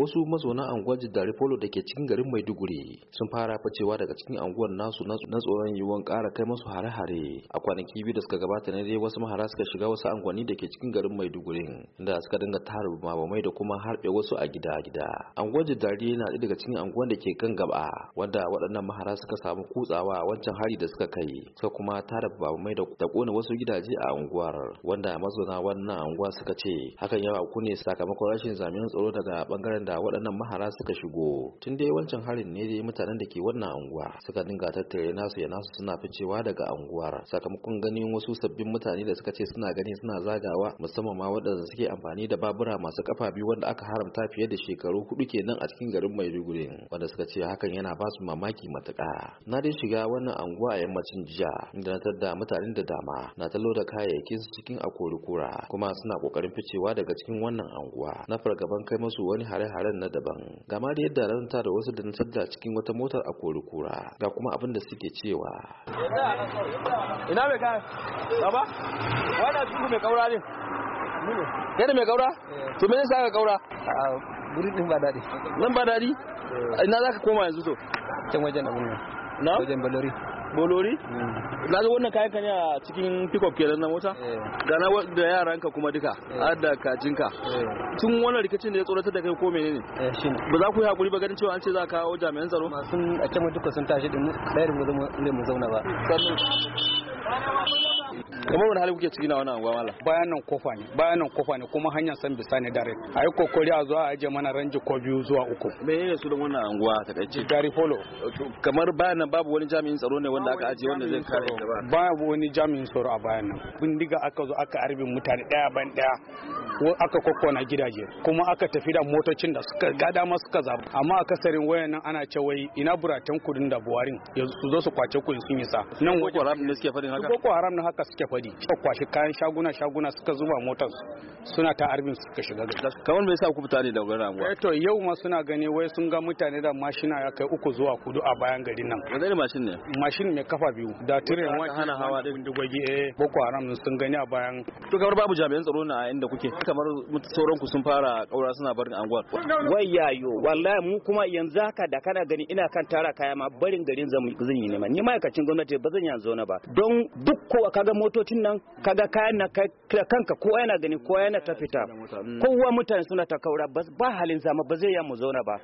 wasu mazauna anguwar jidare polo da ke cikin garin maiduguri sun fara facewa daga cikin anguwar nasu na tsoron yiwuwar kara kai masu hare-hare a kwanaki biyu da suka gabata ne dai wasu mahara suka shiga wasu anguwanni da ke cikin garin maiduguri da suka dinga tara bamamai da kuma harbe wasu a gida-gida anguwar jidare na ɗaya daga cikin anguwar da ke kan gaba wanda waɗannan mahara suka samu kutsawa a wancan hari da suka kai suka kuma tara bamamai da kona wasu gidaje a anguwar wanda mazauna wannan anguwa suka ce hakan yawa ku ne sakamakon rashin zamiyan tsaro daga bangaren gidan da waɗannan mahara suka shigo tun dai wancan harin ne da mutanen da ke wannan unguwa. suka dinga tattare nasu ya nasu suna ficewa daga unguwar. sakamakon ganin wasu sabbin mutane da suka ce suna gani suna zagawa musamman ma waɗanda suke amfani da babura masu kafa biyu wanda aka haramta fiye da shekaru hudu kenan a cikin garin Maiduguri wanda suka ce hakan yana ba su mamaki matuƙa na dai shiga wannan anguwa a yammacin jiya inda na tadda mutanen da dama na tallo da kayayyakin su cikin akorikura kuma suna kokarin ficewa daga cikin wannan anguwa na fargaban kai musu wani hare haren na daban gama da yadda ranta da wasu da nasar da cikin wata motar a kura ga kuma abin da suke cewa ina mai kayan Baba, wani a cikin mai kaura ne yana mai kaura eh. to me sa ka kaura a wurin din ba daɗi nan ba daɗi eh. ina za ka koma yanzu to can wajen abin nan na wajen balori bolori hmm. na zo wannan kayan ka ne a cikin pickup kenan na mota eh. gana da yaran ka kuma duka eh. har da kajin ka eh. tun wannan rikicin da ya tsoratar da kai ko menene ba za ku yi hakuri ba ganin cewa an ce za ka kawo jami'an tsaro masu a can duka sun tashi din mu da mu zauna ba kamar wani hali kuke ciki na wannan anguwa mala bayan nan kofa ne bayan nan kofa ne kuma hanyar san bisa ne dare ayi kokori a zuwa aje mana ranji ko biyu zuwa uku me yake su da wannan anguwa ta kai gari polo kamar bayan nan babu wani jami'in tsaro ne wanda aka aje wanda zai kare ba babu wani jami'in tsaro a bayan nan bindiga aka zo aka arbin mutane daya ban daya aka kokkona gidaje kuma aka tafi da motocin da suka ga dama suka zabu amma akasarin wayan nan ana ce wai ina buratan kudin da buwarin yanzu su zo su kwace ku sun yi sa nan ko haram ne suke faɗin haka ko haram ne haka suke faɗi gwadi suka kwashi kayan shaguna shaguna suka zuba motar suna ta arbin suka shiga gari kamar me yasa ku fita ne daga ramuwa eh to yau ma suna gani wai sun ga mutane da mashina ya kai uku zuwa kudu a bayan garin nan wanda ne mashin ne mashin mai kafa biyu da tire ta hana hawa din bindigogi eh boko haram sun gani a bayan to kamar babu jami'an tsaro na inda kuke kamar sauran ku sun fara kaura suna barin anguwar wai yayo wallahi mu kuma yanzu haka da kana gani ina kan tara kaya ma barin garin zamu zan yi ne ma ni ma'aikacin gwamnati ba zan yanzu na ba don duk kowa kaga moto motocin nan kaga kayan na kanka kowa yana gani kowa yana ta fita kowa mutane suna ta kaura ba halin zama ba zai mu zauna ba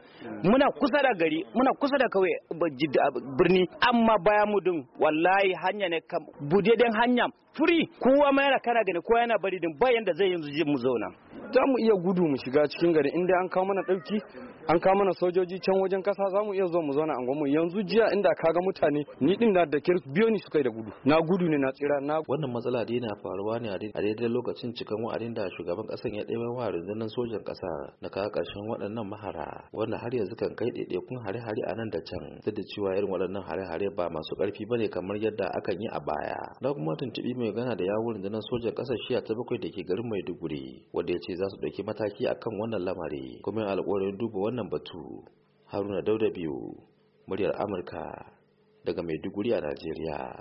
muna kusa da gari muna kusa da birni amma baya mudun wallahi hanya ne kam budeden hanya furi kowa ma yana kana gani kowa yana bari din ba yanda zai yi mu zauna za mu iya gudu mu shiga cikin gari inda an kawo mana dauki an kama mana sojoji can wajen kasa za mu iya zuwa mu zauna a mu yanzu jiya inda ka ga mutane ni din na da kirk biyo ni suka yi da gudu na gudu ne na tsira na wannan matsala dai na faruwa ne a daidai lokacin cikin wa'adin da shugaban kasan ya ɗaya wa rundunar sojan kasa na kawo ƙarshen waɗannan mahara wanda har yanzu kan kai ɗaiɗaikun hare-hare a nan da can duk da cewa irin waɗannan hare-hare ba masu ƙarfi bane kamar yadda akan yi a baya na kuma tuntuɓi mai gana da yawon rundunar sojan kasa shiya ta bakwai da ke garin maiduguri wanda ya ce za su ɗauki mataki akan wannan lamari kuma alƙawarin duba wannan batu haruna dauda biyu muryar amurka daga maiduguri a najeriya